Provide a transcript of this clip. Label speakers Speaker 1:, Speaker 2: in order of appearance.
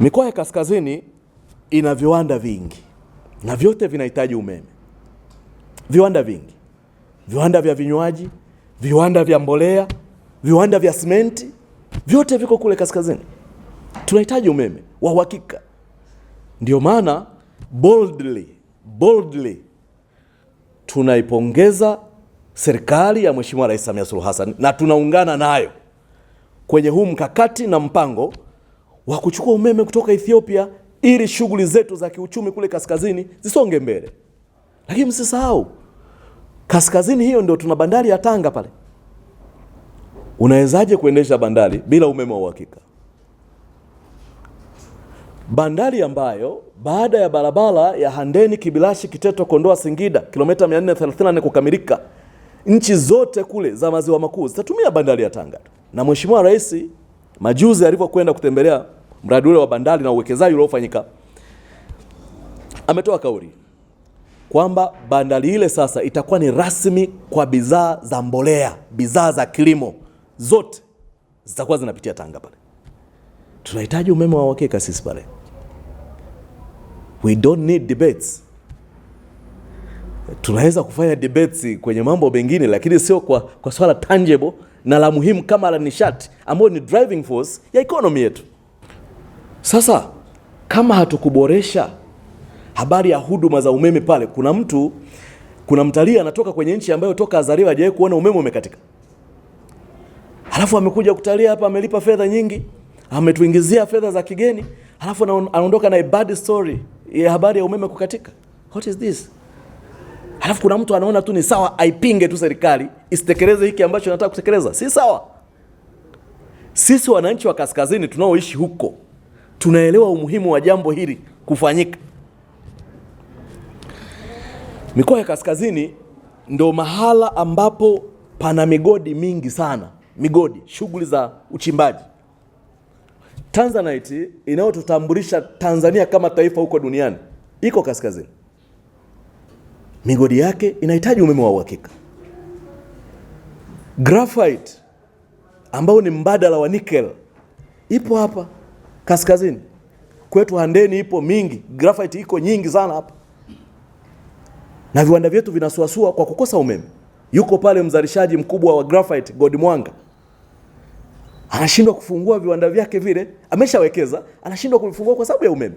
Speaker 1: Mikoa ya kaskazini ina viwanda vingi na vyote vinahitaji umeme. Viwanda vingi, viwanda vya vinywaji, viwanda vya mbolea, viwanda vya simenti, vyote viko kule kaskazini. Tunahitaji umeme wa uhakika. Ndio maana boldly, boldly tunaipongeza serikali ya Mheshimiwa Rais Samia Suluhu Hassan na tunaungana nayo kwenye huu mkakati na mpango wa kuchukua umeme kutoka Ethiopia ili shughuli zetu za kiuchumi kule kaskazini zisonge mbele. Lakini msisahau kaskazini hiyo ndio tuna bandari ya Tanga pale. Unawezaje kuendesha bandari bila umeme wa uhakika? Bandari ambayo baada ya barabara ya Handeni, Kibilashi, Kiteto, Kondoa, Singida kilomita 434 kukamilika, nchi zote kule za maziwa makuu zitatumia bandari ya Tanga. Na Mheshimiwa Rais majuzi alivyokwenda kutembelea mradi ule wa bandari na uwekezaji uliofanyika, ametoa kauli kwamba bandari ile sasa itakuwa ni rasmi kwa bidhaa za mbolea, bidhaa za kilimo zote zitakuwa zinapitia Tanga pale. Tunahitaji umeme wa uhakika sisi pale, we don't need debates. Tunaweza kufanya debates kwenye mambo mengine, lakini sio kwa, kwa swala tangible na la muhimu kama la nishati ambayo ni driving force ya economy yetu. Sasa kama hatukuboresha habari ya huduma za umeme pale, kuna mtu, kuna mtalii anatoka kwenye nchi ambayo toka azaliwa hajawahi kuona umeme umekatika, halafu amekuja kutalia hapa, amelipa fedha nyingi, ametuingizia fedha za kigeni, halafu anaondoka na bad story ya habari ya umeme kukatika. What is this? Halafu kuna mtu anaona tu ni sawa aipinge tu serikali isitekeleze hiki ambacho anataka kutekeleza. Si sawa. Sisi wananchi wa kaskazini tunaoishi huko tunaelewa umuhimu wa jambo hili kufanyika. Mikoa ya kaskazini ndo mahala ambapo pana migodi mingi sana, migodi, shughuli za uchimbaji. Tanzanite inayotutambulisha Tanzania kama taifa huko duniani iko kaskazini. Migodi yake inahitaji umeme wa uhakika. Graphite ambayo ni mbadala wa nickel ipo hapa kaskazini kwetu Handeni ipo mingi, graphite iko nyingi sana hapa, na viwanda vyetu vinasuasua kwa kukosa umeme. Yuko pale mzalishaji mkubwa wa graphite God Mwanga, anashindwa kufungua viwanda vyake vile, ameshawekeza anashindwa kuvifungua kwa sababu ya umeme.